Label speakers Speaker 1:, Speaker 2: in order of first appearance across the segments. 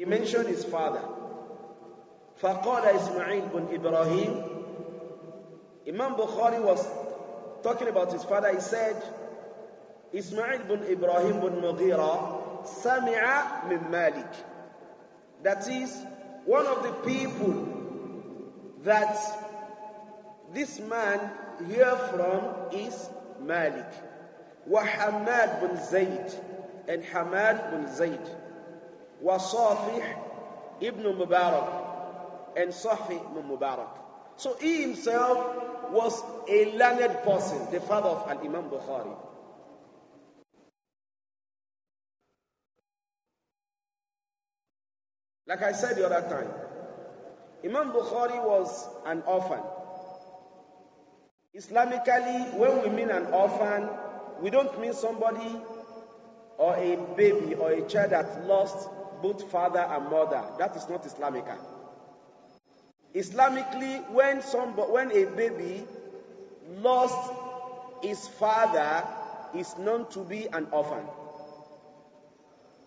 Speaker 1: He mentioned his father. فَقَالَ إِسْمَعِيلُ بن Imam Bukhari was talking about his father. He said, Ismail bin Ibrahim bin Mughira سَمِعَ مِن مَالِكٍ That is, one of the people that this man hear from is Malik. وحماد بن زيد and Hamad bin Zayd was Safi ibn Mubarak and Safi Mubarak. So he himself was a learned person, the father of Al-Imam Bukhari. Like I said the other time, Imam Bukhari was an orphan. Islamically, when we mean an orphan, we don't mean somebody or a baby or a child that lost both father and mother. That is not Islamica. Islamically, when some when a baby lost his father, is known to be an orphan.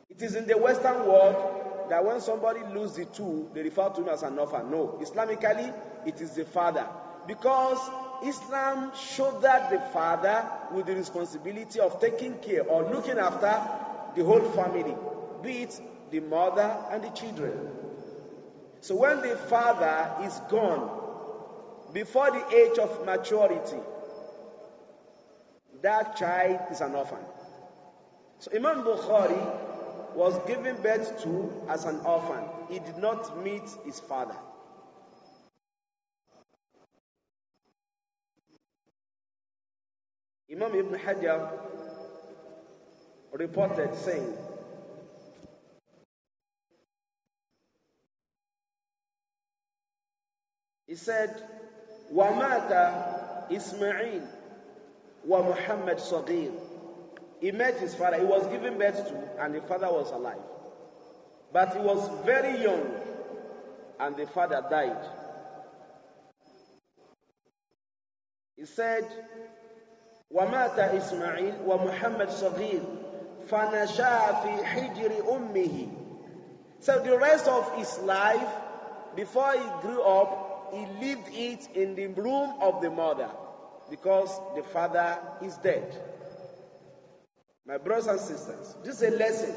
Speaker 1: It is in the Western world that when somebody loses the two, they refer to him as an orphan. No, Islamically, it is the father. Because Islam that the father with the responsibility of taking care or looking after the whole family, be it the mother and the children. So when the father is gone before the age of maturity, that child is an orphan. So Imam Bukhari was given birth to as an orphan. He did not meet his father.
Speaker 2: Imam Ibn Hajar reported saying,
Speaker 1: He said, Wamata Ismail wa Muhammad Sagir. He met his father. He was given birth to, and the father was alive. But he was very young, and the father died. He said, Ismail wa Muhammad صغير fana في حجر ummihi.' So the rest of his life, before he grew up, he lived it in the room of the mother because the father is dead. My brothers and sisters, this is a lesson.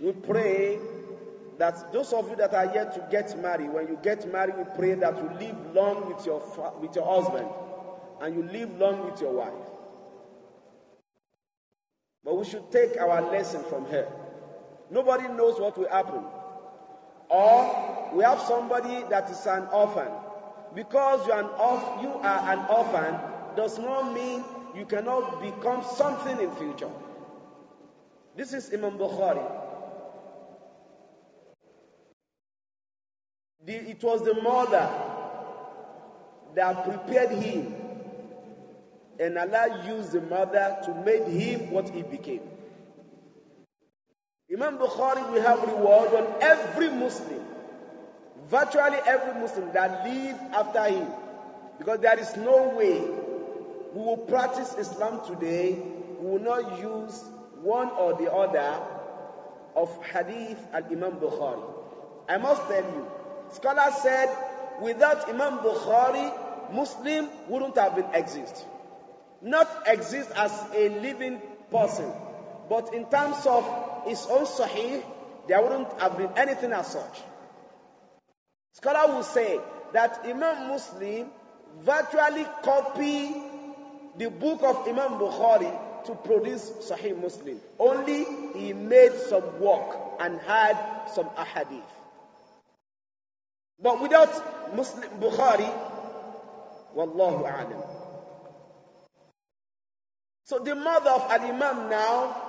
Speaker 1: We pray that those of you that are yet to get married, when you get married, we pray that you live long with your, with your husband and you live long with your wife. But we should take our lesson from her. Nobody knows what will happen. Or we have somebody that is an orphan. Because you are an, you are an orphan does not mean you cannot become something in future. This is Imam Bukhari. The, it was the mother that prepared him. And Allah used the mother to make him what he became. Imam Bukhari will have reward on every Muslim virtually every Muslim that lives after him. Because there is no way we will practice Islam today, we will not use one or the other of Hadith and Imam Bukhari. I must tell you, scholars said without Imam Bukhari, Muslim wouldn't have been exist. Not exist as a living person, but in terms of his own Sahih, there wouldn't have been anything as such. Scholar will say that Imam Muslim virtually copy the book of Imam Bukhari to produce Sahih Muslim. Only he made some work and had some ahadith. But without Muslim Bukhari, wallahu alam. So the mother of Al Imam now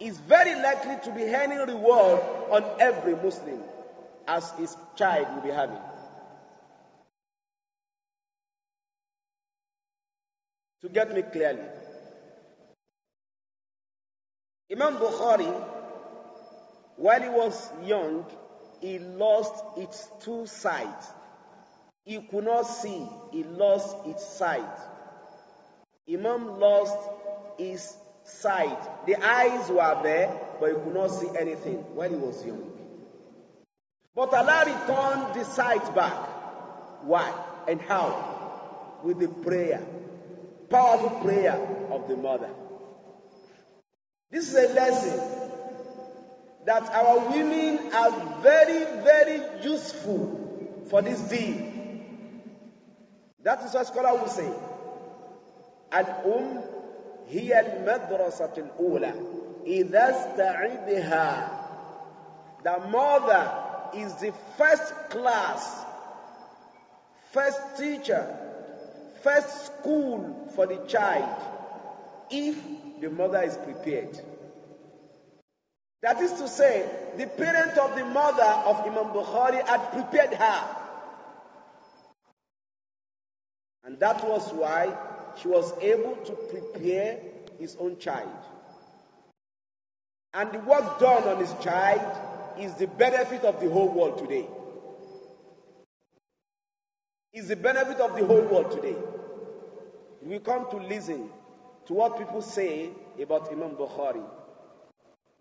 Speaker 1: is very likely to be handing reward on every Muslim as his child will be having. To get me clearly, Imam Bukhari, while he was young, he lost its two sides. He could not see, he lost its sight. Imam lost his sight. The eyes were there, but he could not see anything While he was young. But Allah returned the sight back. Why and how? With the prayer, powerful prayer of the mother. This is a lesson that our women are very, very useful for this deed. That is what scholar will say. الأم هي المدرسة ula, إذا استعدها The mother is the first class, first teacher, first school for the child if the mother is prepared. That is to say, the parent of the mother of Imam Bukhari had prepared her. And that was why she was able to prepare his own child. And the work done on his child is the benefit of the whole world today. Is the benefit of the whole world today. We come to listen to what people say about Imam Bukhari.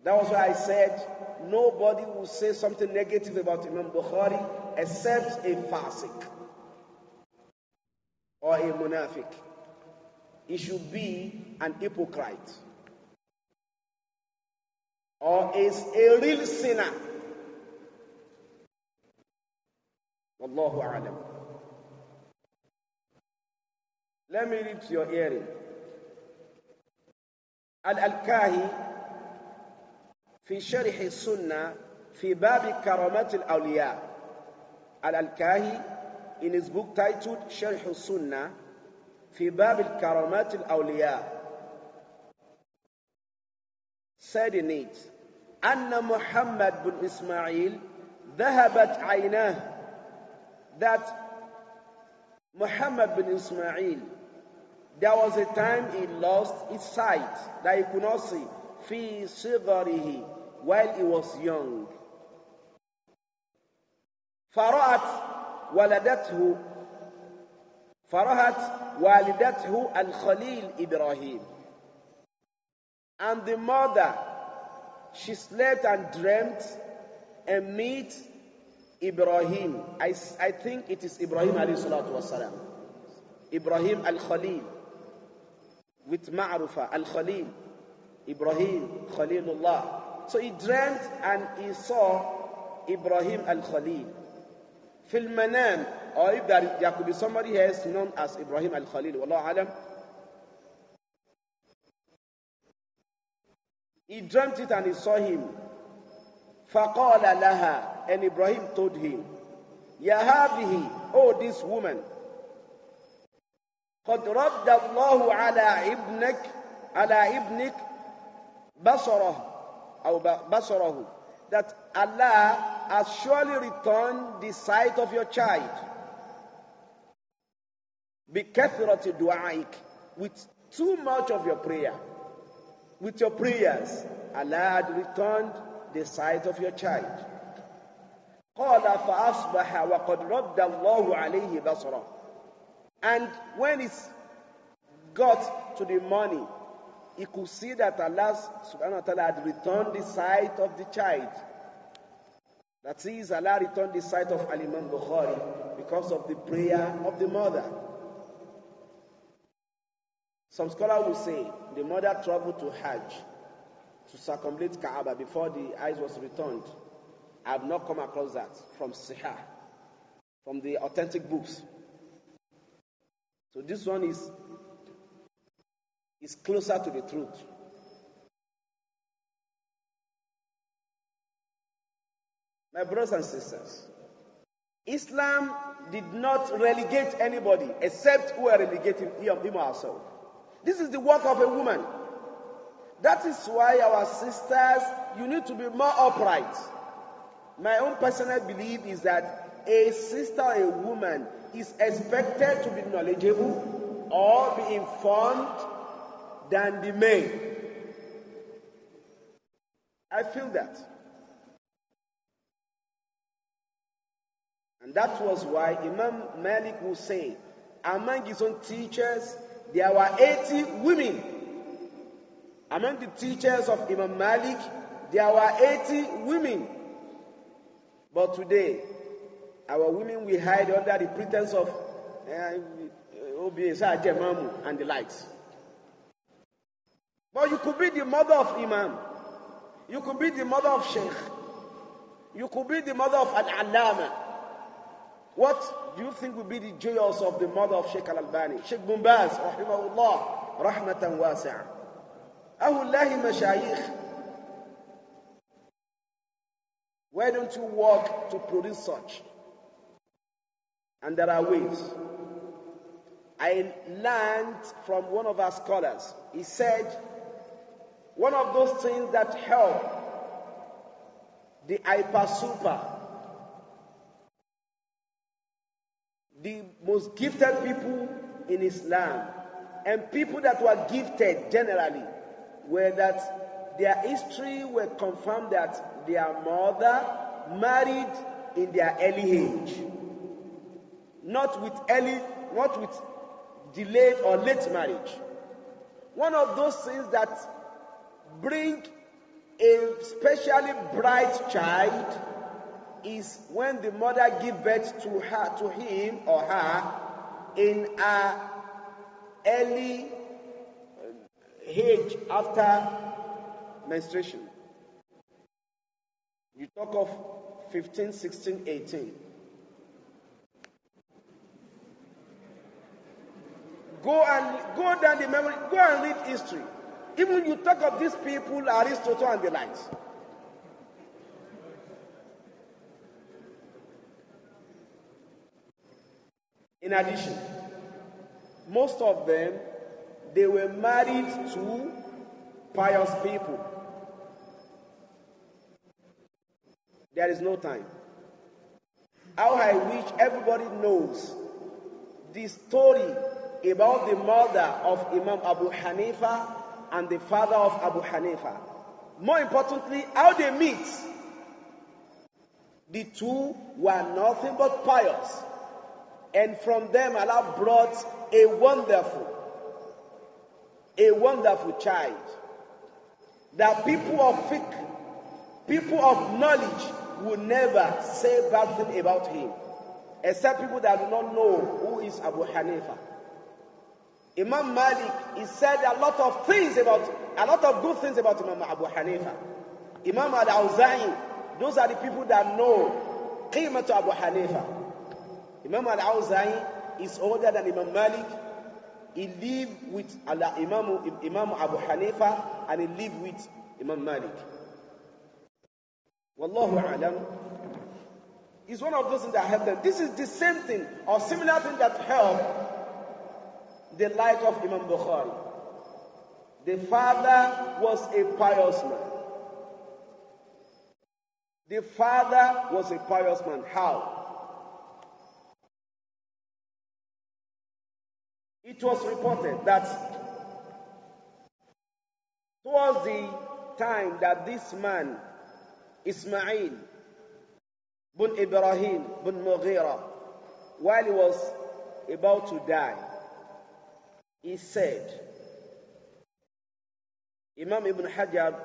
Speaker 1: That was why I said nobody will say something negative about Imam Bukhari except a Fasik or a munafik. He should be an hypocrite. or is a real sinner. Wallahu alam. Let me read to your hearing. الألكاهي في شرح السنة في باب كرامات الأولياء الألكاهي in his book titled شرح السنة في باب الكرامات الأولياء said in it, Anna Muhammad bin Ismail, ذهبت عيناه. That Muhammad bin Ismail, there was a time he lost his sight, that he could not see. في صغره while he was young. فرأت ولدته فرأت والدته الخليل إبراهيم And the mother, she slept and dreamt and meet Ibrahim. I, I think it is Ibrahim alayhi salatu wasalam. Ibrahim al-Khalil. With Ma'rufa al-Khalil. Ibrahim Khalilullah. So he dreamt and he saw Ibrahim al-Khalil. Fil manam, or if there, there could be somebody else known as Ibrahim al-Khalil, wallahu alam, He dreamt it and he saw him. فَقَالَ لَهَا And Ibrahim told him, يَهَابِهِ Oh, this woman. قد رد الله على ابنك على ابنك بصره أو بصره that Allah has surely returned the sight of your child بكثرة دعائك with too much of your prayer with your prayers, Allah had returned the sight of your child. قال فأصبح وقد رد الله عليه and when it got to the morning, he could see that Allah subhanahu wa ta'ala had returned the sight of the child. That is, Allah returned the sight of Al Imam Bukhari because of the prayer of the mother. Some scholars will say the mother traveled to Hajj to circumambulate Kaaba before the eyes was returned. I have not come across that from Sihah, from the authentic books. So this one is is closer to the truth. My brothers and sisters, Islam did not relegate anybody except who are relegating him, him or herself. This is the work of a woman. That is why our sisters, you need to be more upright. My own personal belief is that a sister, a woman, is expected to be knowledgeable or be informed than the man. I feel that. And that was why Imam Malik would say, among his own teachers, there were 80 women. Among the teachers of Imam Malik, there were 80 women. But today, our women we hide under the pretense of eh, OBS, Ajemamu, and the likes. But you could be the mother of Imam. You could be the mother of Sheikh. You could be the mother of an allama what do you think would be the joyous of the mother of Sheikh Al-Albani? Sheikh Bumbaz, rahimahullah, rahmatan wasi'ah. Ahullahi mashayikh. Why don't you work to produce such? And there are ways. I learned from one of our scholars. He said, one of those things that help the hyper super the most gifted people in Islam and people that were gifted generally were that their history were confirmed that their mother married in their early age. Not with early, not with delayed or late marriage. One of those things that bring a specially bright child is when the mother give birth to her to him or her in a early age after menstruation you talk of 15 16 18 go and go down the memory go and read history even you talk of these people aristotle and the likes In addition, most of them they were married to pious people. There is no time. How I wish everybody knows the story about the mother of Imam Abu Hanifa and the father of Abu Hanifa. More importantly, how they meet. The two were nothing but pious. And from them Allah brought a wonderful, a wonderful child. That people of fiqh, people of knowledge will never say bad thing about him. Except people that do not know who is Abu Hanifa. Imam Malik, he said a lot of things about, a lot of good things about Imam Abu Hanifa. Imam Al-Awza'i, those are the people that know Qimatu Abu Hanifa. Imam Al-Awza'i is older than Imam Malik. He lived with Imam, Imam Abu Hanifa and he lived with Imam Malik. Wallahu alam. Is one of those that helped. them. This is the same thing or similar thing that helped the life of Imam Bukhari. The father was a pious man. The father was a pious man. How?
Speaker 2: It was reported that
Speaker 1: towards the time that this man, Ismail bin Ibrahim bin Mughira, while he was about to die, he said, Imam Ibn Hajar,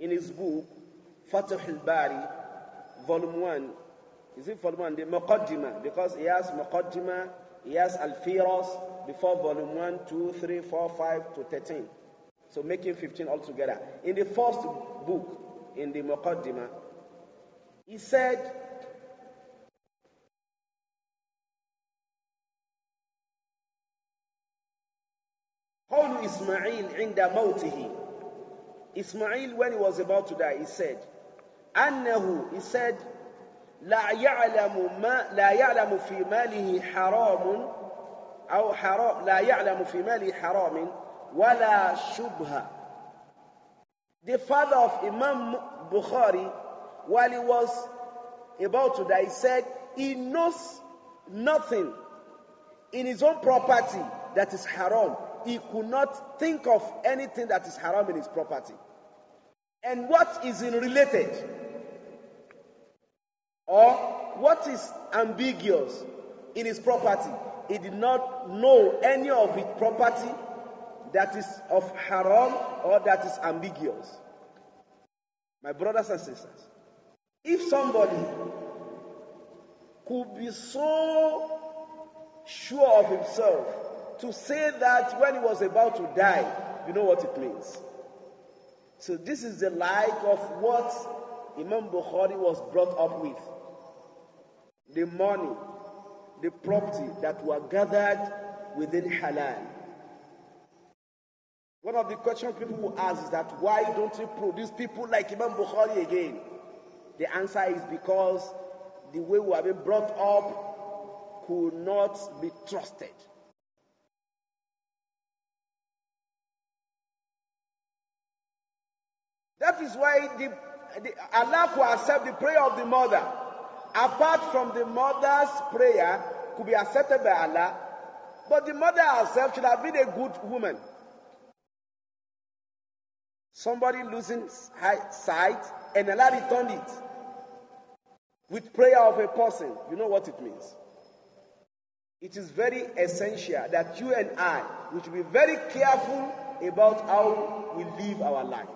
Speaker 1: in his book, Fatih al-Bari, volume 1, is it volume 1, the Muqaddimah, because he has Muqaddimah he has al before volume 1, 2, 3, 4, 5 to 13. So making 15 altogether. In the first book, in the Muqaddimah, he said, قول إسماعيل عند موته Ismail when he was about to die he said أنه he said لا يعلم ما لا يعلم في ماله حرام أو حرام لا يعلم في ماله حرام ولا The father of Imam Bukhari, while he was about to die, said he knows nothing in his own property that is haram. He could not think of anything that is haram in his property. And what is in related? Or what is ambiguous in his property? He did not know any of his property that is of haram or that is ambiguous. My brothers and sisters, if somebody could be so sure of himself to say that when he was about to die, you know what it means. So, this is the like of what Imam Bukhari was brought up with. The money, the property that were gathered within halal. One of the questions people will ask is that why don't you produce people like Imam Bukhari again? The answer is because the way we have been brought up could not be trusted. That is why the Allah could accept the prayer of the mother. Apart from the mother's prayer, could be accepted by Allah. But the mother herself should have been a good woman. Somebody losing sight and Allah returned it with prayer of a person. You know what it means. It is very essential that you and I, we should be very careful about how we live our life.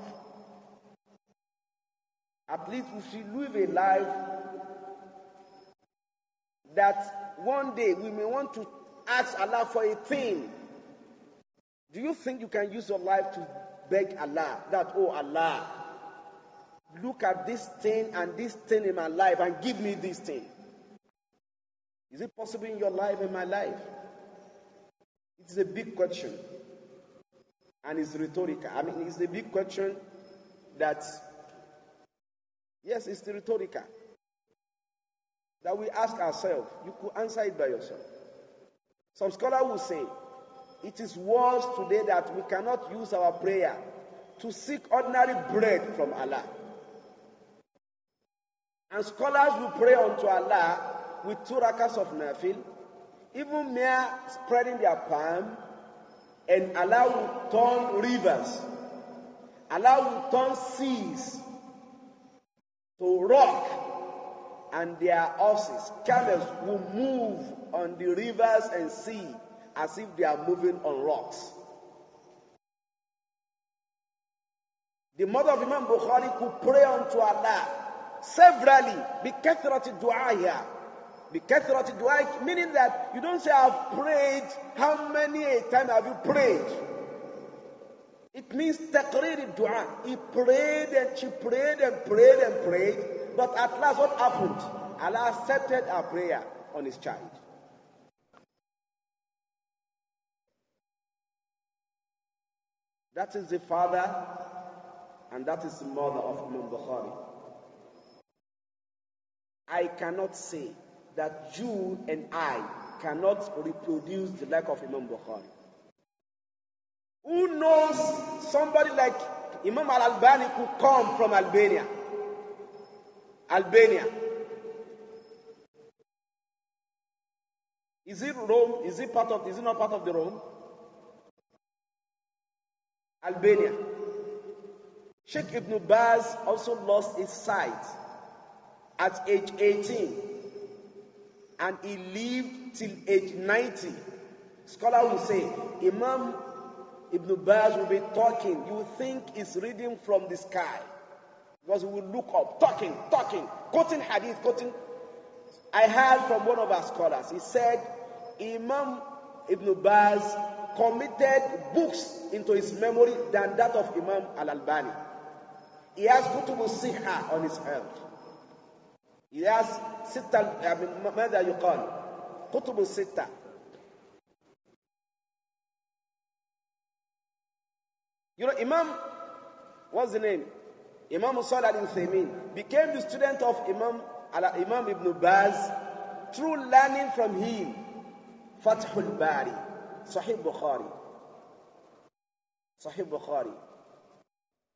Speaker 1: At least we should live a life that one day we may want to ask Allah for a thing. Do you think you can use your life to beg Allah that, oh Allah, look at this thing and this thing in my life and give me this thing? Is it possible in your life, in my life? It's a big question. And it's rhetorical. I mean, it's a big question that Yes, it's rhetorical. That we ask ourselves. You could answer it by yourself. Some scholar will say, it is worse today that we cannot use our prayer to seek ordinary bread from Allah. And scholars will pray unto Allah with two rakas of nafil, even mere spreading their palm, and Allah will turn rivers, Allah will turn seas to rock and their horses, camels will move on the rivers and sea as if they are moving on rocks. The mother of Imam Bukhari could pray unto Allah severally, بكثرة دعائها بكثرة dua, meaning that you don't say I've prayed, how many a time have you prayed? It means taqreer dua. He prayed and she prayed and prayed and prayed. But at last, what happened? Allah accepted her prayer on his child. That is the father and that is the mother of Imam Bukhari. I cannot say that you and I cannot reproduce the like of Imam Bukhari. Who knows somebody like Imam Al Albani could come from Albania? Albania. Is it Rome? Is it part of? Is it not part of the Rome? Albania. Sheikh Ibn Baz also lost his sight at age 18 and he lived till age 90. Scholar will say Imam Ibn Baz will be talking. You think he's reading from the sky. Because he will look up, talking, talking, quoting hadith, quoting. I heard from one of our scholars. He said, Imam Ibn Baz committed books into his memory than that of Imam Al Albani. He has Kutubu Siha on his hand. He has Sitta, I mean, ماذا يقال? Kutubu Sitta. You know, Imam, what's the name? Imam Usal al Uthaymeen became the student of Imam, Imam Ibn Baz through learning from him. Fathul Bari, Sahih Bukhari. Sahih Bukhari.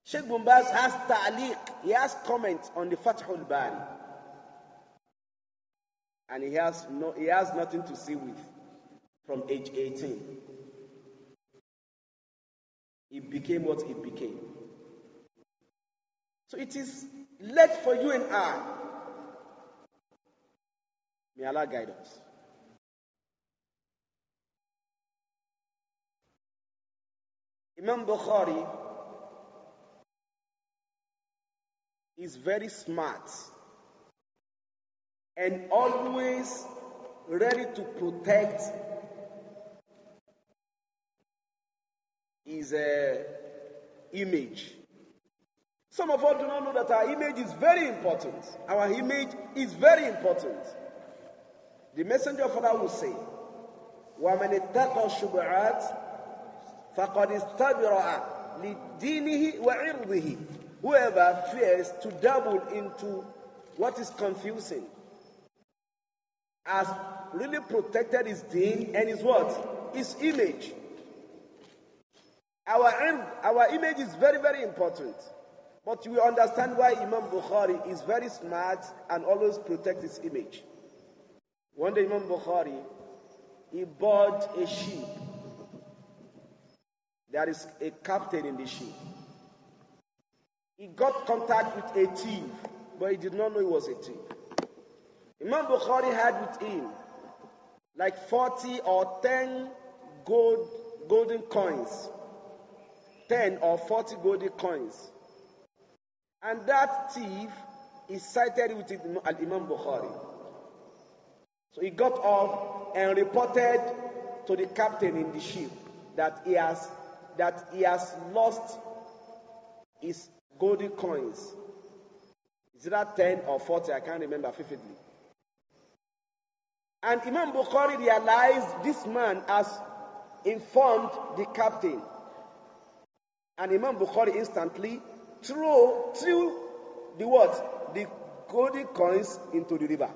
Speaker 1: Sheikh Ibn Baz has ta'liq, he has comments on the Fathul Bari. And he has, no, he has nothing to see with from age 18. it became what it became. So it is left for you and I. May Allah guide us.
Speaker 2: Imam Bukhari
Speaker 1: is very smart and always ready to protect is a image. Some of us do not know that our image is very important. Our image is very important. The messenger of Allah will say, وَمَنِ اتَّقَى الشُّبْعَاتِ فَقَدْ اسْتَبْرَعَ لِدِينِهِ وَعِرْضِهِ Whoever fears to double into what is confusing has really protected his deen and his what? His image. Our, our image is very, very important. But we understand why Imam Bukhari is very smart and always protects his image. One day Imam Bukhari, he bought a sheep. There is a captain in the sheep. He got contact with a thief, but he did not know he was a thief. Imam Bukhari had with him like 40 or 10 gold, golden coins. 10 or 40 golden coins. And that thief is cited with Al Imam Bukhari. So he got off and reported to the captain in the ship that he has that he has lost his golden coins. Is that 10 or 40? I can't remember vividly. And Imam Bukhari realized this man has informed the captain and Imam Bukhari instantly threw, threw the what? The golden coins into the river.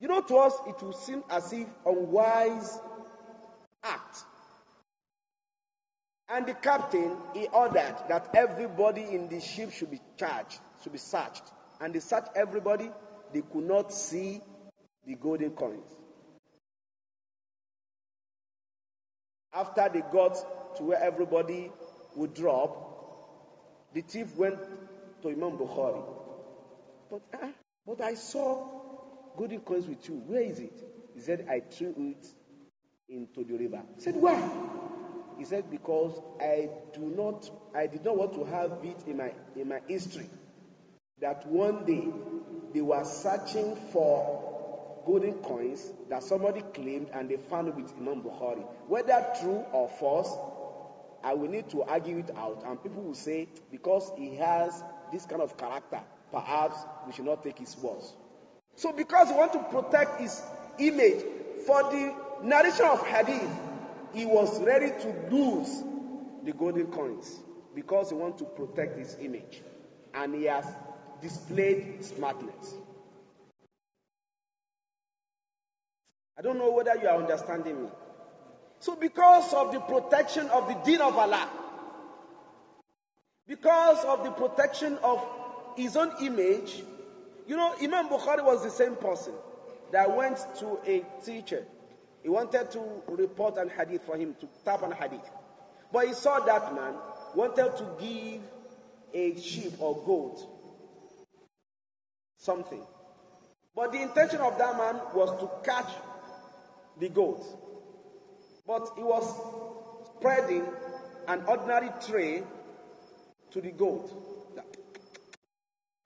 Speaker 1: You know, to us, it will seem as if unwise act. And the captain, he ordered that everybody in the ship should be charged, should be searched. And they searched everybody, they could not see the golden coins. After they got to where everybody would drop, the thief went to Imam Bukhari. But, ah, but I saw golden coins with you. Where is it? He said, I threw it into the river. He said, why? He said, because I do not, I did not want to have it in my in my history that one day they were searching for golden coins that somebody claimed and they found it with Imam Bukhari. Whether true or false, I will need to argue it out, and people will say, because he has this kind of character, perhaps we should not take his words. So, because he want to protect his image for the narration of hadith, he was ready to lose the golden coins because he want to protect his image, and he has displayed smartness. I don't know whether you are understanding me. So, because of the protection of the deen of Allah, because of the protection of his own image, you know, Imam Bukhari was the same person that went to a teacher. He wanted to report an hadith for him, to tap on hadith. But he saw that man wanted to give a sheep or goat something. But the intention of that man was to catch the goat. But he was spreading an ordinary tray to the goat.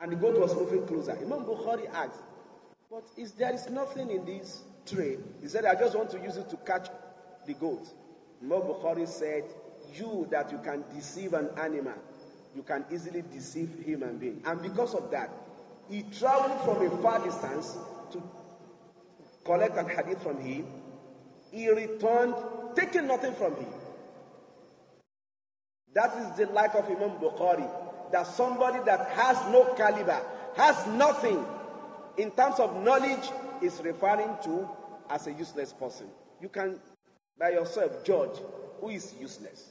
Speaker 1: And the goat was moving closer. Imam Bukhari asked, But is there is nothing in this tray? He said, I just want to use it to catch the goat. Imam Bukhari said, You that you can deceive an animal, you can easily deceive human being. And because of that, he traveled from a far distance to collect an hadith from him he returned taking nothing from him. That is the like of Imam Bukhari. That somebody that has no caliber, has nothing in terms of knowledge, is referring to as a useless person. You can by yourself judge who is useless.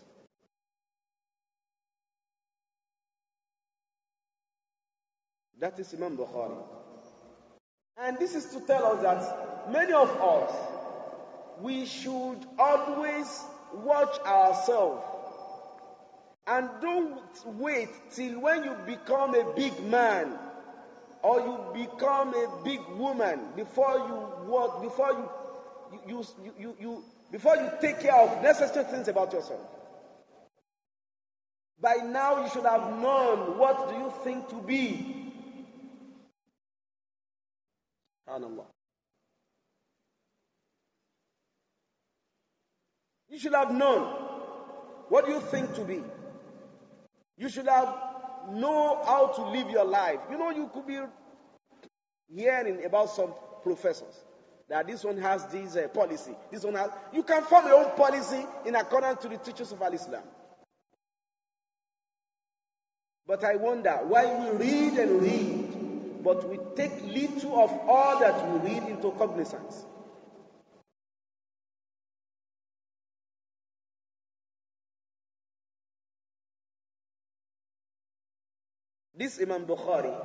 Speaker 1: That is Imam Bukhari. And this is to tell us that many of us, we should always watch ourselves and don't wait till when you become a big man or you become a big woman before you work, before you you, you, you, you, before you take care of necessary things about yourself. By now you should have known what do you
Speaker 2: think to be. Allah.
Speaker 1: You should have known what you think to be. You should have know how to live your life. You know, you could be hearing about some professors that this one has this uh, policy. This one has. You can form your own policy in accordance to the teachings of Al Islam. But I wonder why we read and read, but we take little of all that we read into
Speaker 2: cognizance.
Speaker 1: This Imam Bukhari,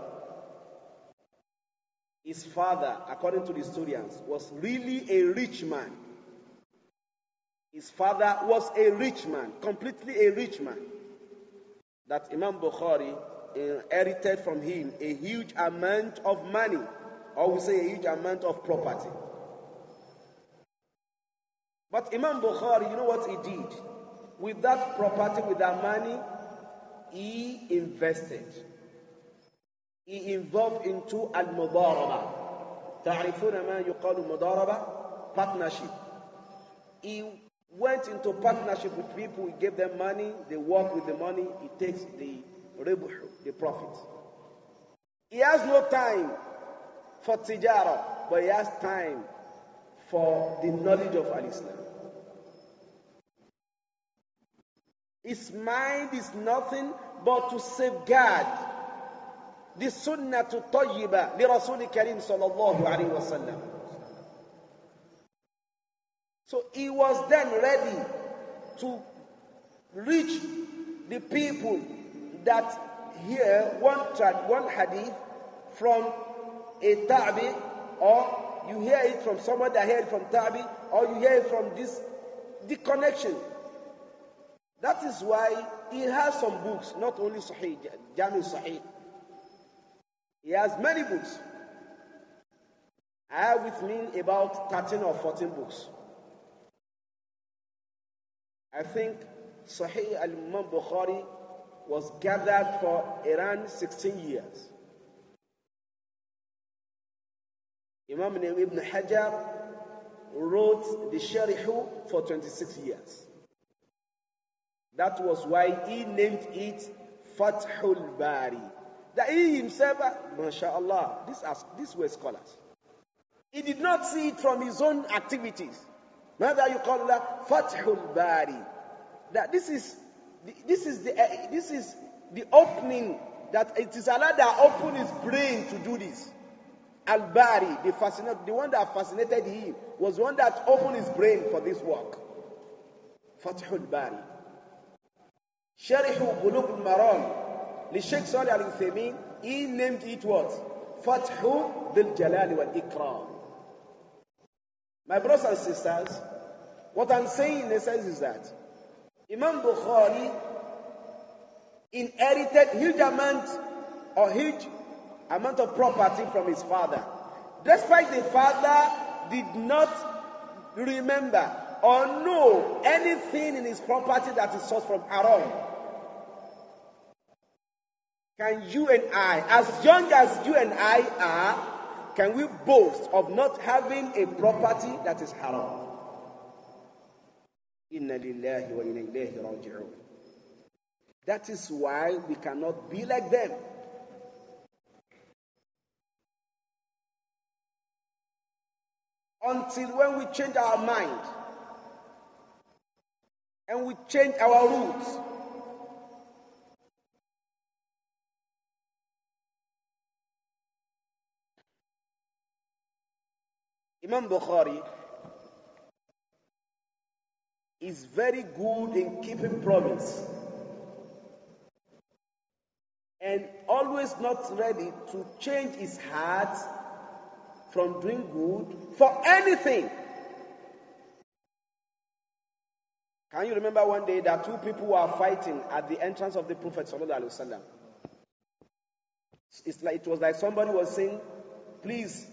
Speaker 1: his father, according to the historians, was really a rich man. His father was a rich man, completely a rich man. That Imam Bukhari inherited from him a huge amount of money, or we say a huge amount of property. But Imam Bukhari, you know what he did? With that property, with that money, he invested he involved into al-mudaraba. Ta'rifuna ma yuqalu mudaraba? Partnership. He went into partnership with people, he gave them money, they work with the money, he takes the ribuh, the profit. He has no time for tijara, but he has time for the knowledge of al-Islam. His mind is nothing but to safeguard the sunnah to tayyiba li صلى الله عليه وسلم. So he was then ready to reach the people that hear one, one hadith from a tabi or you hear it from someone that heard from tabi or you hear it from this the connection that is why he has some books not only sahih jami sahih he has many books. I have with me about 13 or 14 books. I think Sahih al Imam Bukhari was gathered for around 16 years. Imam ibn Hajar wrote the Sharihu for 26 years. That was why he named it Fathul Bari. That he himself, mashallah, these, these were scholars. He did not see it from his own activities. Mother, you call that Fathul Bari. That this is, this is the, eh, this is the opening that it is Allah that opened his brain to do this. Al Bari, the fascinate, the one that fascinated him, was one that opened his brain for this work. Fathul Bari. شرح قلوب المرام للشيخ صالح العثيمين he named it what فتح ذي والإكرام my brothers and sisters what I'm saying in essence is that Imam Bukhari inherited huge amount or huge amount of property from his father despite the father did not remember or know anything in his property that is sourced from Aram can you and I, as young as you and I are, can we boast of not having a property that is haram? That is why we cannot be like them. Until when we change our mind and we change our roots Imam Bukhari is very good in keeping promise and always not ready to change his heart from doing good for anything. Can you remember one day that two people were fighting at the entrance of the Prophet Sallallahu Alaihi Wasallam? It's like, it was like somebody was saying, please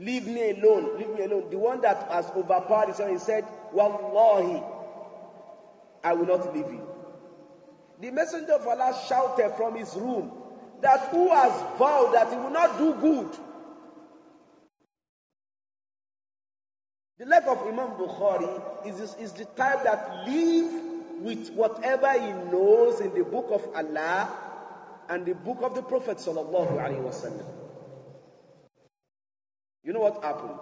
Speaker 1: Leave me alone. Leave me alone. The one that has overpowered his son, he said, Wallahi, I will not leave you. The messenger of Allah shouted from his room that who has vowed that he will not do good. The life of Imam Bukhari is, is the type that live with whatever he knows in the book of Allah and the book of the Prophet sallallahu alaihi wasallam. You know what happened?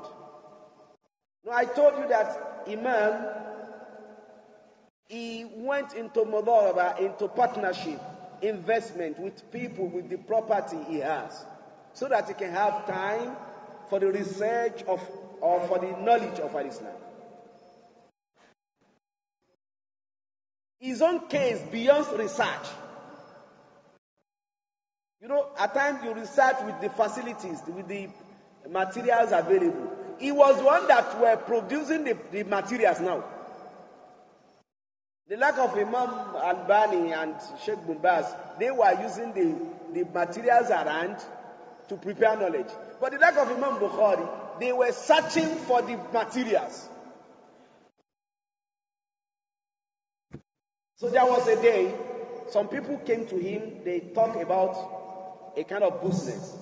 Speaker 1: No, I told you that Imam he went into Madaraba into partnership, investment with people with the property he has, so that he can have time for the research of or for the knowledge of Islam. His own case beyond research. You know, at times you research with the facilities, with the materials available. He was one that were producing the, the materials now. The lack of Imam Al-Bani and Sheikh Bumbaz, they were using the, the materials around to prepare knowledge. But the lack of Imam Bukhari, they were searching for the materials. So there was a day, some people came to him, they talked about a kind of business.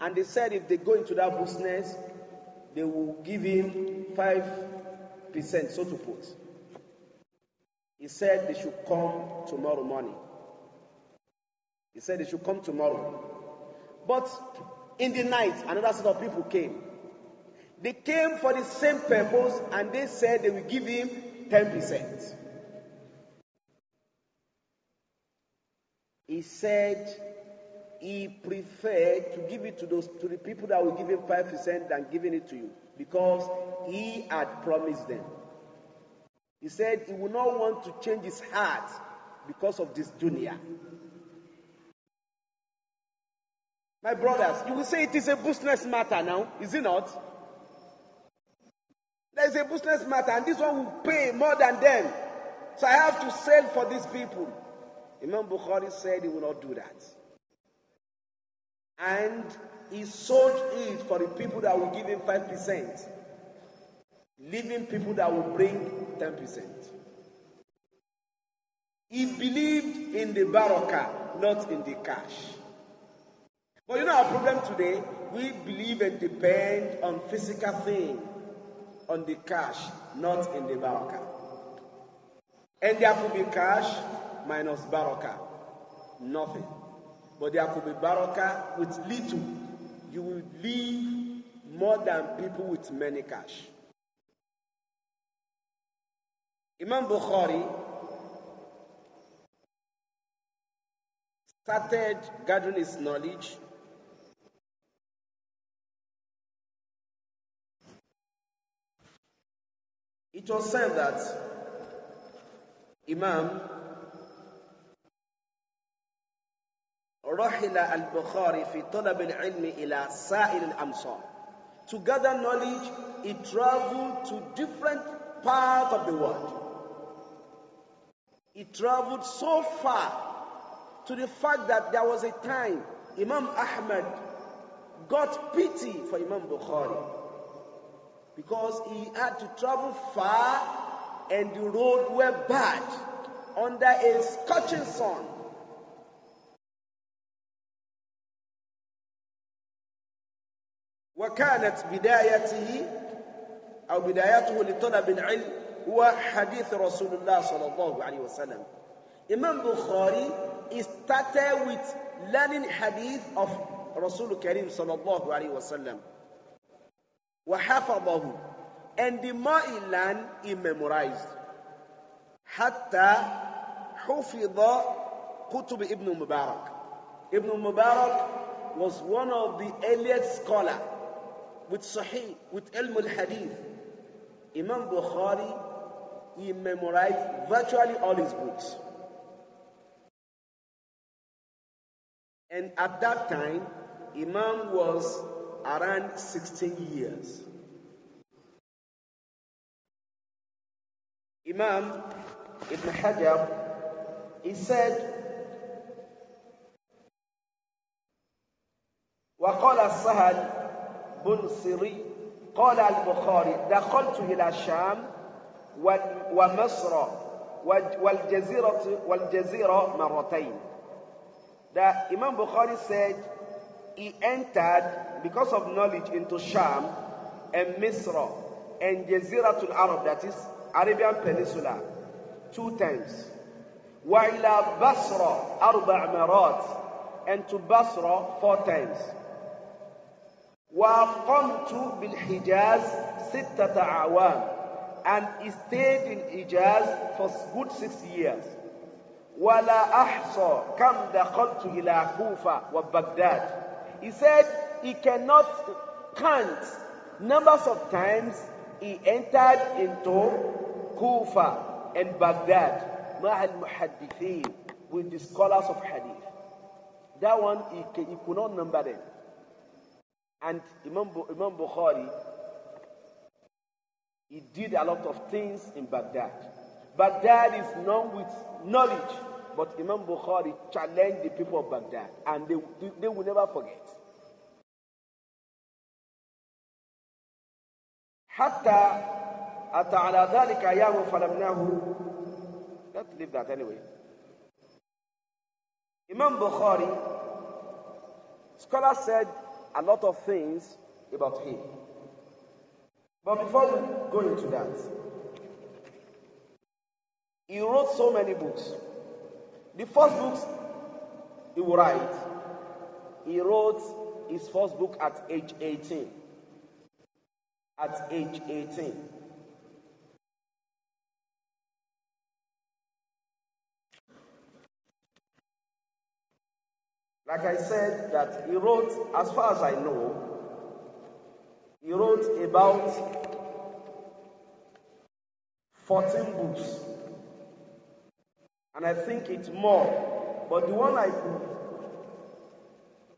Speaker 1: And they said if they go into that business, they will give him 5%, so to put. He said they should come tomorrow morning. He said they should come tomorrow. But in the night, another set of people came. They came for the same purpose and they said they will give him 10%. He said, he preferred to give it to those to the people that will give him five percent than giving it to you because he had promised them. He said he would not want to change his heart because of this dunya. My brothers, you will say it is a business matter now, is it not? There is a business matter, and this one will pay more than them. So I have to sell for these people. Imam Bukhari said he will not do that and he sold it for the people that will give him 5%, leaving people that will bring 10%. He believed in the baraka, not in the cash. But you know our problem today? We believe and depend on physical thing, on the cash, not in the baraka. And there will be cash minus baraka, nothing. But there could be baraka with little. You will leave more than people with many cash. Imam Bukhari started gathering his knowledge
Speaker 2: It was said that Imam
Speaker 1: رحل البخاري في طلب العلم إلى سائر الأمصار. To gather knowledge, he traveled to different parts of the world. He traveled so far to the fact that there was a time Imam Ahmad got pity for Imam Bukhari because he had to travel far and the road were bad under a scorching sun
Speaker 2: وكانت بدايته
Speaker 1: أو بدايته لطلب العلم هو حديث رسول الله صلى الله عليه وسلم إمام بخاري started with learning حديث of رسول كريم صلى الله عليه وسلم وحفظه and the more he learned he memorized حتى حفظ كتب ابن مبارك ابن مبارك was one of the earliest scholars with Sahih, with Ilm al Hadith. Imam Bukhari, he memorized virtually all his books. And at that time, Imam was around 16 years.
Speaker 2: Imam Ibn Hajar,
Speaker 1: he said, وقال السهل بنصري قال البخاري دخلت إلى الشام ومصر والجزيرة, والجزيرة مرتين The Imam Bukhari said he entered because of knowledge into Sham and Misra and Jaziratul Arab, that is Arabian Peninsula, two times. وإلى بصرة أربع مرات and to Basra four times. وَقَمْتُ بِالْحِجَازِ سِتَّةَ عَوَامٍ And he stayed in Hijaz for good six years. وَلَا أَحْصَى كَمْ دَخَلْتُ إِلَى كُوفَةَ وَبَغْدَادِ He said he cannot count numbers of times he entered into Kufa and Baghdad. مع المحدثين with the scholars of hadith. That one he, he could not number them. And Imam, Imam Bukhari, he did a lot of things in Baghdad. Baghdad is known with knowledge, but Imam Bukhari challenged the people of Baghdad, and they, they will never forget. حتى أتى على ذلك أيام فلمناه Let's leave that anyway. Imam Bukhari, scholar said a lot of things about him. But before we go into that, he wrote so many books. The first books he would write, he wrote his first book at age 18. At age 18. Like I said, that he wrote, as far as I know, he wrote about 14 books. And I think it's more. But the one I could,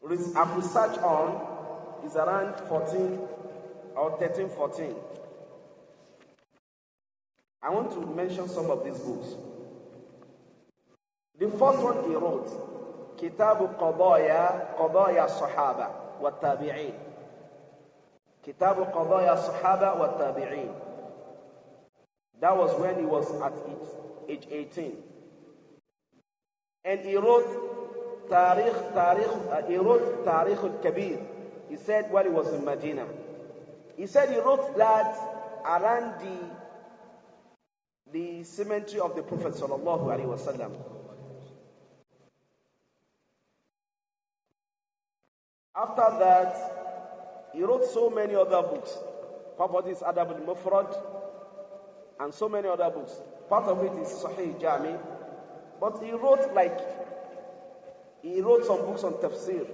Speaker 1: researched on is around 14 or 13, 14. I want to mention some of these books. The first one he wrote كتاب قضايا قضايا الصحابة والتابعين كتاب قضايا الصحابة والتابعين That was when he was at age 18. And he wrote Tariq, Tariq, uh, he wrote Tariq al-Kabir. He said while he was in Medina. He said he wrote that around the, the cemetery of the Prophet sallallahu alaihi wasallam. After that, he wrote so many other books. Part of it is Adab al-Mufrad and so many other books. Part of it is Sahih Jami. But he wrote like, he wrote some books on tafsir,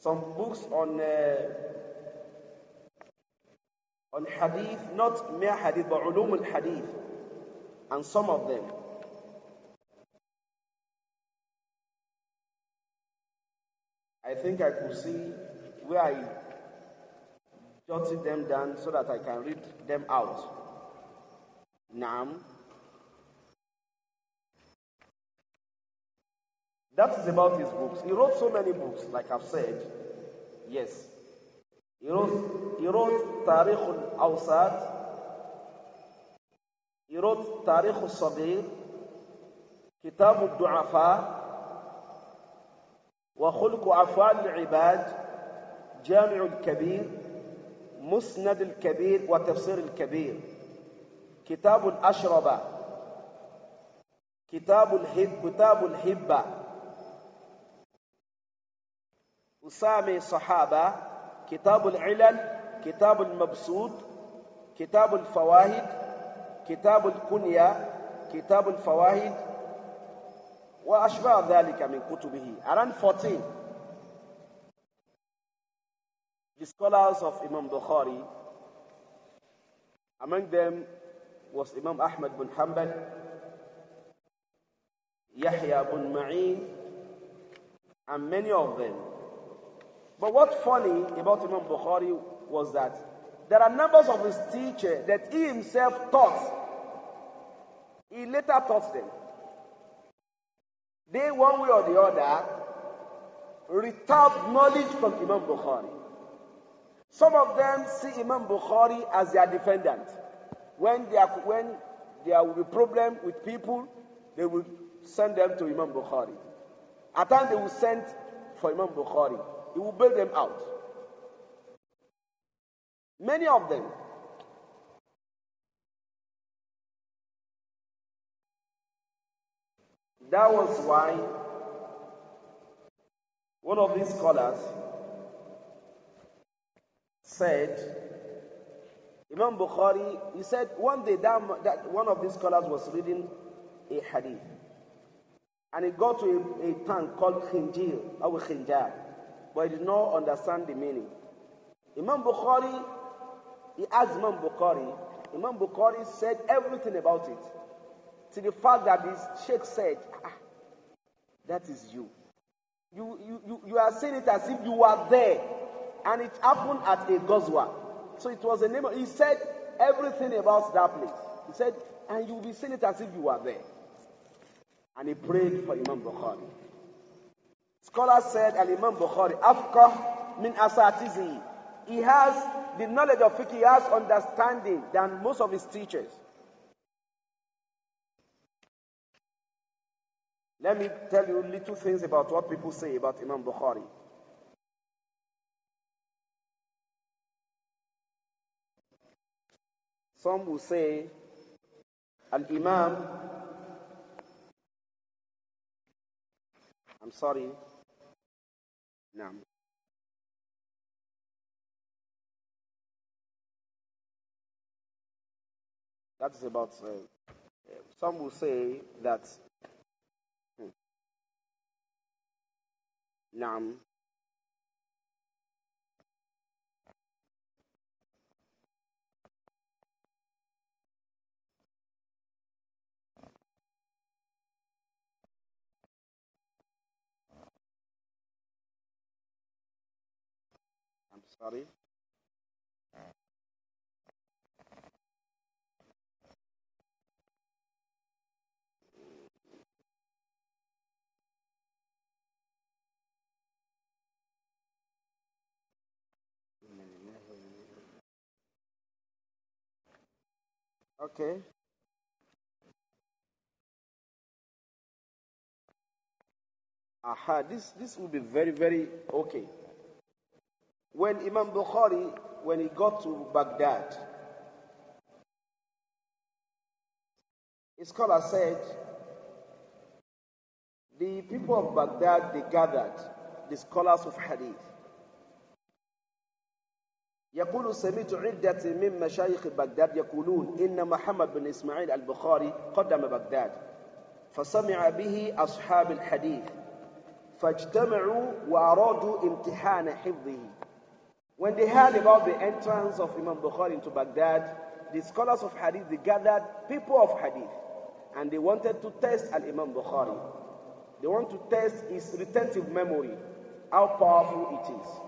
Speaker 1: some books on uh, on hadith, not mere hadith, but ulum al-hadith, and some of them. I think I could see where I jotted them down so that I can read them out. Nam.
Speaker 2: That is about his books. He wrote so many books,
Speaker 1: like I've said. Yes. He wrote, he wrote Tariq al-Awsat. He wrote Tariq al-Sabir. Kitab al-Du'afa. وخلق أفعال العباد جامع الكبير مسند الكبير وتفسير الكبير كتاب الأشربة كتاب الهب كتاب الهبة أسامي صحابة كتاب العلل كتاب المبسوط كتاب الفواهد كتاب الكنية كتاب الفواهد وأشباه ذلك من كتبه around 14 the scholars of Imam Bukhari among them was Imam Ahmad bin Hanbal Yahya bin Ma'in and many of them but what's funny about Imam Bukhari was that there are numbers of his teachers that he himself taught he later taught them they, one way or the other, retort knowledge from Imam Bukhari. Some of them see Imam Bukhari as their defendant. When, there when there will be problem with people, they will send them to Imam Bukhari. At times they will send for Imam Bukhari. He will bail them out. Many of them, That was why one of these scholars said, Imam Bukhari, he said one day that, that one of these scholars was reading a hadith. And he got to a, a called Khinjil, or Khinjar, but he did not understand the meaning. Imam Bukhari, he asked Imam Bukhari, Imam Bukhari said everything about it to the fact that this sheikh said, ah, That is you. You, you, you. you are saying it as if you were there. And it happened at a Goswa. So it was a name. He said everything about that place. He said, And you'll be saying it as if you were there. And he prayed for Imam Bukhari. Scholars said, and Imam Bukhari, Afqah min asatizi. He has the knowledge of fiqh, he has understanding than most of his teachers. Let me tell you little things about what people say about Imam Bukhari.
Speaker 2: Some will say, Al Imam, I'm sorry, no. That's about, uh, some will say that نعم I'm sorry okay aha this this will be very very
Speaker 1: okay when imam bukhari when he got to baghdad a scholar said the people of baghdad they gathered the scholars of hadith يقول سمعت عدة من مشايخ بغداد يقولون إن محمد بن إسماعيل البخاري قدم بغداد فسمع به أصحاب الحديث فاجتمعوا وأرادوا امتحان حفظه. When they heard about the entrance of Imam Bukhari into Baghdad, the scholars of Hadith they gathered people of Hadith and they wanted to test Al Imam Bukhari. They want to test his retentive memory, how powerful it is.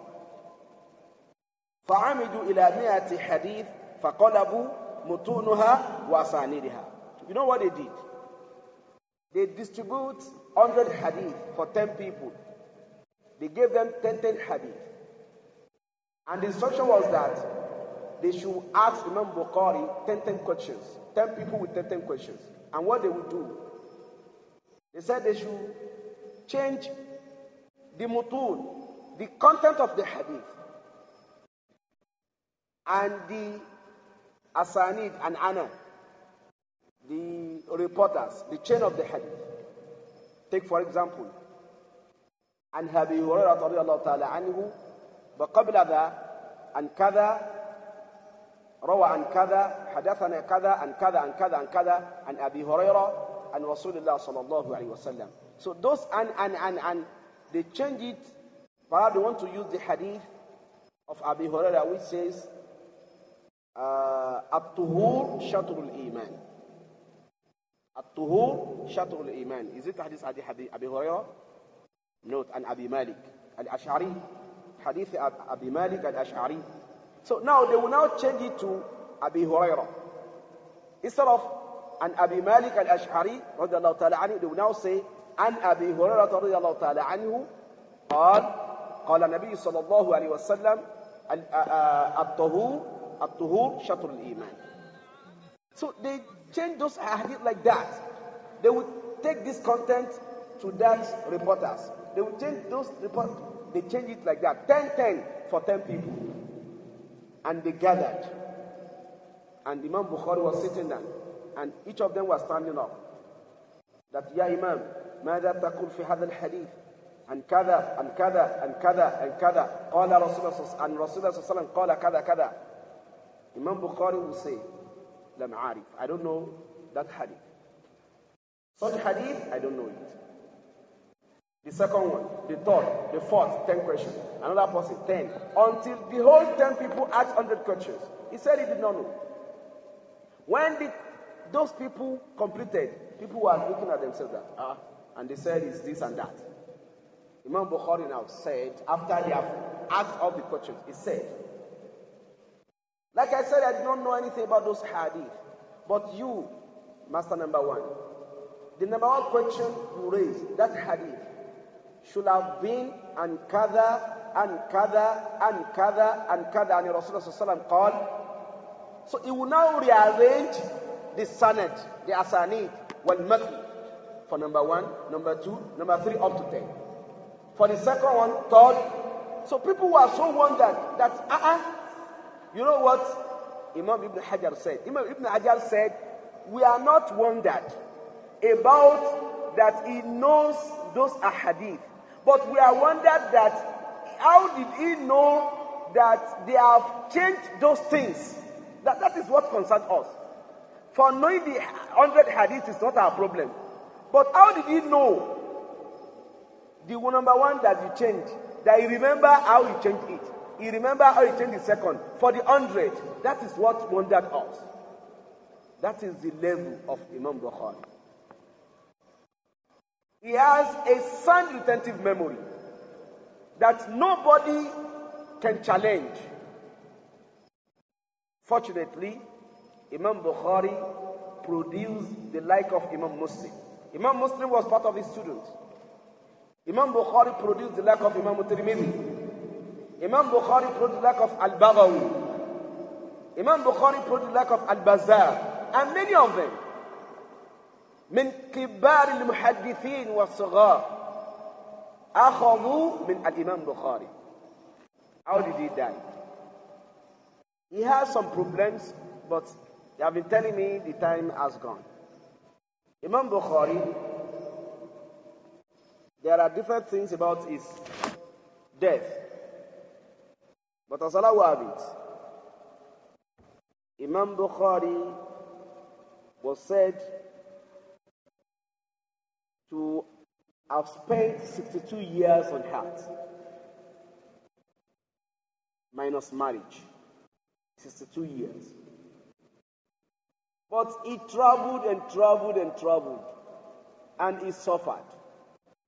Speaker 1: فعمدوا إلى مئة حديث فقلبوا متونها وأسانيدها You know what they did? They distribute 100 hadith for 10 people. They gave them 10, 10 hadith. And the instruction was that they should ask Imam Bukhari 10, 10 questions. 10 people with 10, 10 questions. And what they would do, they said they should change the mutun, the content of the hadith and the Asanid and Ana, the reporters, the chain of the hadith. Take for example, عن أبي هريرة رضي الله تعالى عنه وقبل ذا عن كذا روى عن كذا حدثنا كذا عن كذا عن كذا عن كذا عن أبي هريرة عن رسول الله صلى الله عليه وسلم. So those and and and and they change it. Perhaps they want to use the hadith of Abi Huraira which says آه، الطهور شطر الإيمان الطهور شطر الإيمان Is it حديث أبي هريرة? نوت عن أبي مالك الأشعري حديث أبي مالك الأشعري So now they will now change it to أبي هريرة Instead of عن أبي مالك الأشعري رضي الله تعالى عنه they will now say عن أبي هريرة رضي الله تعالى عنه قال قال النبي صلى الله عليه وسلم الطهور At-tuhur shatul, iman. So they change those hadith like that. They would take this content to those reporters. They would change those report. They change it like that. 10, 10 for 10 people. And they gathered. And Imam Bukhari was sitting there. And each of them was standing up. That, Ya Imam, ماذا تقول في هذا الحديث؟ عن كذا عن كذا عن كذا عن كذا قال رسول الله عن رسول الله صلى الله عليه وسلم قال كذا كذا Imam Bukhari will say, Lam Arif. I don't know that hadith. Such hadith, I don't know it. The second one, the third, the fourth, ten questions. Another person, ten. Until the whole ten people asked hundred questions. He said he did not know. When the, those people completed, people were looking at themselves that, ah, and they said it's this and that. Imam Bukhari now said, after they have asked all the questions, he said, like I said, I don't know anything about those hadith. But you, master number one, the number one question you raised, that hadith, should have been and kada and kada and kada and kada and Rasulullah called. So he will now rearrange the sanad, the asanid, wal matn for number one, number two, number three, up to ten. For the second one, third. So people were so wondered that uh-uh, you know what Imam Ibn Hajar said? Imam Ibn Hajar said, We are not wondered about that he knows those ahadith, but we are wondered that how did he know that they have changed those things? That, that is what concerns us. For knowing the 100 hadith is not our problem. But how did he know the number one that you changed? That he remember how he changed it. He remember how he changed the second for the hundred. That is what wondered us. That is the level of Imam Bukhari. He has a sound retentive memory that nobody can challenge. Fortunately, Imam Bukhari produced the like of Imam Muslim. Imam Muslim was part of his students. Imam Bukhari produced the like of Imam Tirmidhi. Imam Bukhari put lack of Al-Baghawi. Imam Bukhari put lack of Al-Bazar. And many of them. من كبار المحدثين والصغار أخذوا من الإمام Bukhari. How did he die? He has some problems, but they have been telling me the time has gone. Imam Bukhari, there are different things about his death. But watasahau habit. Imam Bukhari was said to have spent 62 years on health, minus marriage, 62 years. But he traveled and traveled and traveled, and he suffered.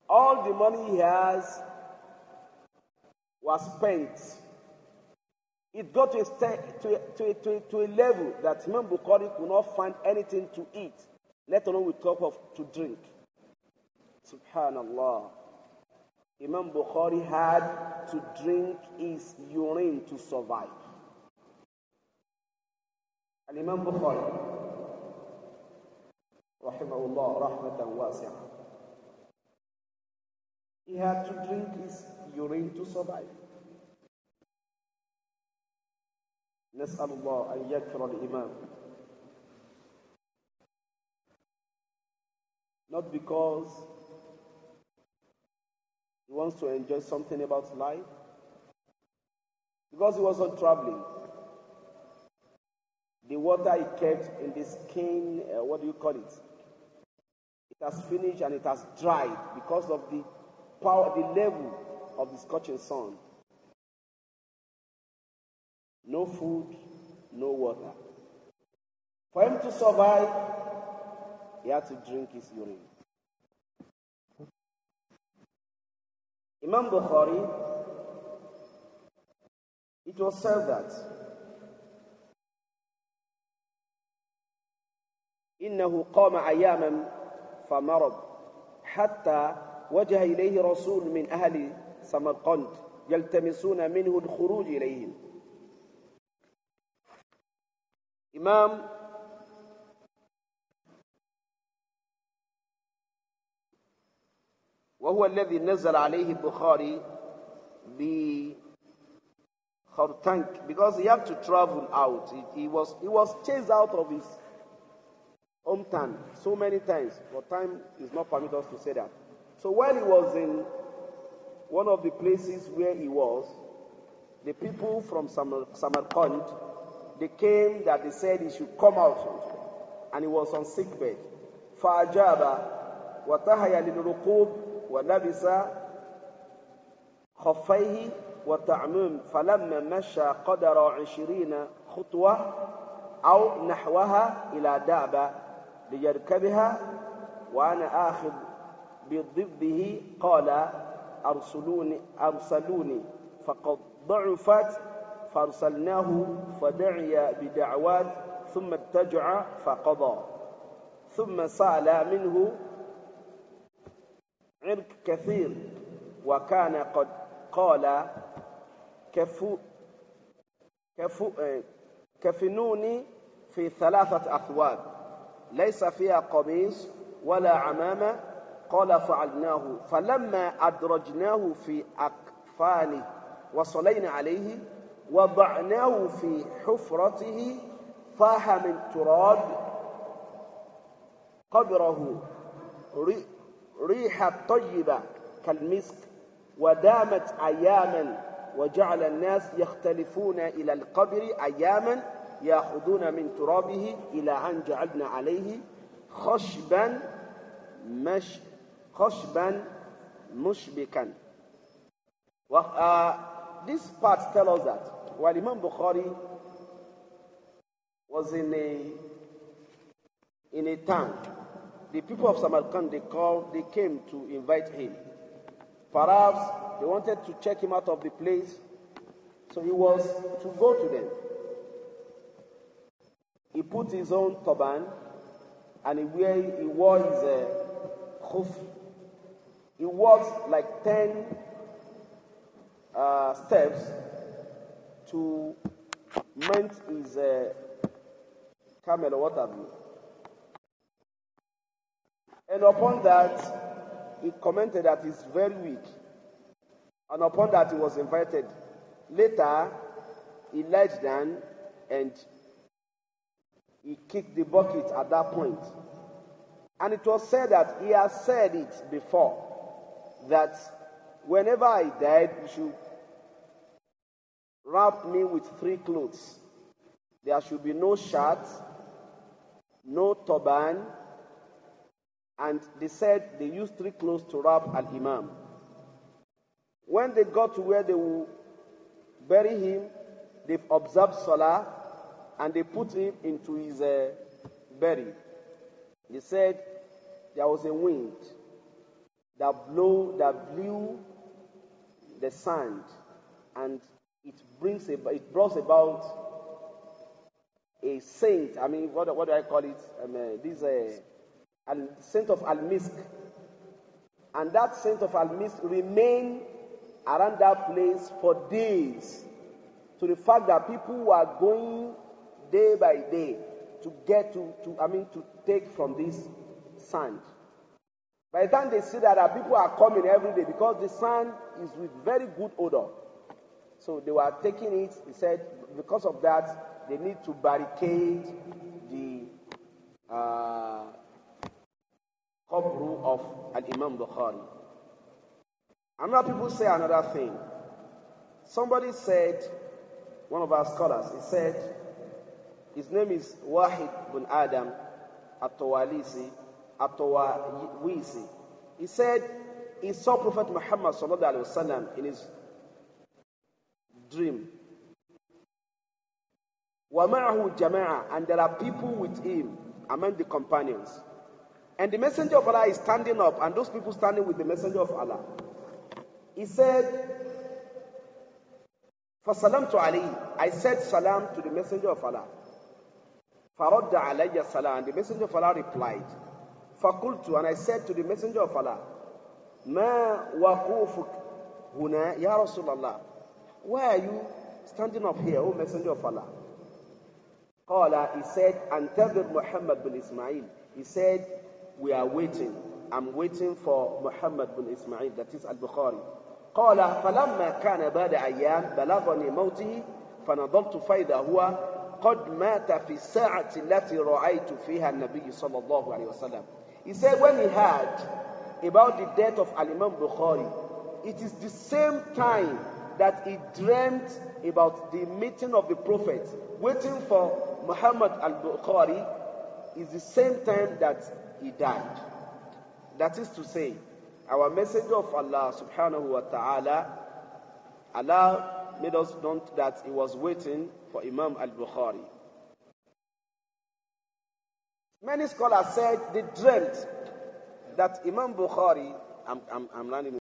Speaker 1: All the money he has was spent it got to a, st- to, a, to, a, to, a, to a level that Imam Bukhari could not find anything to eat, let alone we talk of to drink. Subhanallah. Imam Bukhari had to drink his urine to survive. And Imam Bukhari, rahimahullah, rahmatan wasi'ah, he had to drink his urine to survive.
Speaker 2: نسأل الله أن يكفر
Speaker 1: الإمام not because he wants to enjoy something about life, because he was not traveling. The water he kept in this cane, uh, what do you call it? It has finished and it has dried because of the power, the level of the scorching sun no food, no water.
Speaker 2: For him to survive, he had to drink his urine. Imam Bukhari,
Speaker 1: it was said that إنه قام أياما فمرض حتى وجه إليه رسول من أهل سمرقند يلتمسون منه الخروج إليهم Imam وهو الذي نزل عليه Bukhari the Khartank because he had to travel out. He, he, was he was chased out of his hometown so many times, but time is not permit us to say that. So while he was in one of the places where he was, the people from Samar Samarkand They came that they said he should come out And he was on sick bed. فأجاب وتهيأ للركوب ولبس خفيه وتعمم فلما مشى قدر عشرين خطوة أو نحوها إلى دابة ليركبها وأنا آخذ بضده قال أرسلوني أرسلوني فقد ضعفت فأرسلناه فدعي بدعوات ثم اتجع فقضى ثم سال منه عرق كثير وكان قد قال كفو كفو كفنوني في ثلاثة أثواب ليس فيها قميص ولا عمامة قال فعلناه فلما أدرجناه في أكفانه وصلينا عليه وضعناه في حفرته فاح من تراب قبره ريحة طيبة كالمسك ودامت أياما وجعل الناس يختلفون إلى القبر أياما يأخذون من ترابه إلى أن جعلنا عليه خشبا مش خشبا مشبكا. uh, this part tells us that While Imam Bukhari was in a in a town, the people of Samarkand they called, they came to invite him. Perhaps they wanted to check him out of the place, so he was to go to them. He put his own turban and he, wear, he wore his uh, khuf. He walked like 10 uh, steps to mint his uh, camel or what have you. And upon that, he commented that he's very weak. And upon that, he was invited. Later, he lied down and he kicked the bucket at that point. And it was said that he has said it before that whenever I died, you should Wrap me with three clothes. There should be no shirt, no turban. And they said they used three clothes to wrap an imam. When they got to where they will bury him, they observed Salah and they put him into his uh, burial. They said there was a wind that blew, that blew the sand and it brings about, it brought about a saint. I mean, what, what do I call it? I um, mean, uh, this uh, saint of Almisk, and that saint of Almisk remained around that place for days, to the fact that people were going day by day to get to, to I mean, to take from this sand. By the time they see that, that people are coming every day because the sand is with very good odor. So they were taking it. He said, because of that, they need to barricade the uh, of Al Imam Bukhari. Another people say another thing. Somebody said, one of our scholars, he said, his name is Wahid bin Adam Atawalisi, Atawawisi. He said, he saw Prophet Muhammad sallallahu alaihi wasallam in his dream. وَمَعَهُ jama'a, And there are people with him among the companions. And the messenger of Allah is standing up, and those people standing with the messenger of Allah. He said, فَسَلَمْتُ Ali," I said salam to the messenger of Allah. فَرَدَّ عَلَيَّ salam. And the messenger of Allah replied, فَقُلْتُ And I said to the messenger of Allah, مَا وَقُوفُكَ هُنَا يَا رَسُولَ اللَّهِ why are you standing up here, O Messenger of Allah? Qala, he said, and tell Muhammad bin Ismail. He said, we are waiting. I'm waiting for Muhammad bin Ismail, that is Al-Bukhari. قال فلما كان بعد أيام بلغني موته فنظرت قد مات في الساعة التي رأيت فيها النبي صلى الله عليه وسلم. He said when he heard about the death of Al-Imam Bukhari, it is the same time that he dreamed about the meeting of the prophet, waiting for Muhammad al Bukhari, is the same time that he died. That is to say, our messenger of Allah subhanahu wa ta'ala, Allah made us know that he was waiting for Imam al Bukhari. Many scholars said they dreamed that
Speaker 2: Imam Bukhari, I'm, I'm, I'm